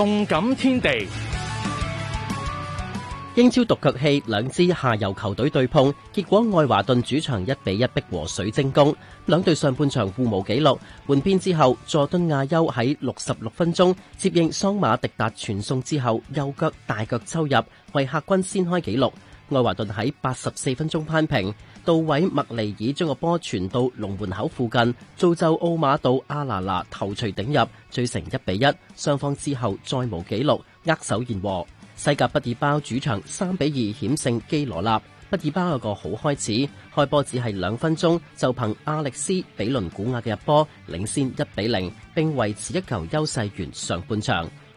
動感天地英毒腳，英超獨腳戲，兩支下游球隊對碰，結果愛華頓主場一比一逼和水晶宮。兩隊上半場互無紀錄，換邊之後，佐敦亞優喺六十六分鐘接應桑馬迪達傳送之後，右腳大腳抽入，為客軍先開紀錄。愛華頓喺八十四分鐘攀平，杜偉麥尼爾將個波傳到龍門口附近，造就奧馬到阿拿拿頭槌頂入，追成一比一，雙方之後再無紀錄，握手言和。西甲畢爾包主場三比二險勝基羅納，畢爾包有個好開始，開波只係兩分鐘就憑阿歷斯比倫古亞嘅入波領先一比零，並維持一球優勢完上半場。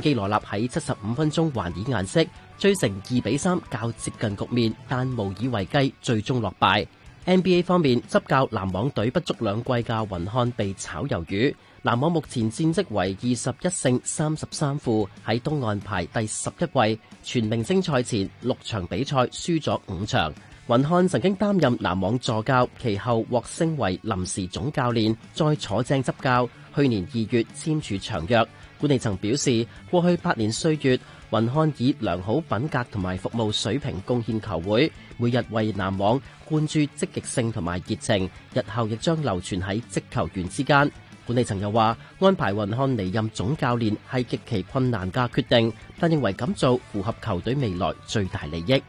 基羅納喺七十五分鐘還以顏色，追成二比三，較接近局面，但無以為繼，最終落敗。NBA 方面，執教籃網隊不足兩季嘅雲漢被炒魷魚。籃網目前戰績為二十一勝三十三負，喺東岸排第十一位。全明星賽前六場比賽輸咗五場。雲漢曾經擔任籃網助教，其後獲升為臨時總教練，再坐正執教。去年二月簽署長約，管理層表示過去八年歲月，雲漢以良好品格同埋服務水平貢獻球會，每日為籃網灌注積極性同埋熱情，日後亦將流傳喺職球員之間，管理層又話安排雲漢離任總教練係極其困難嘅決定，但認為咁做符合球隊未來最大利益。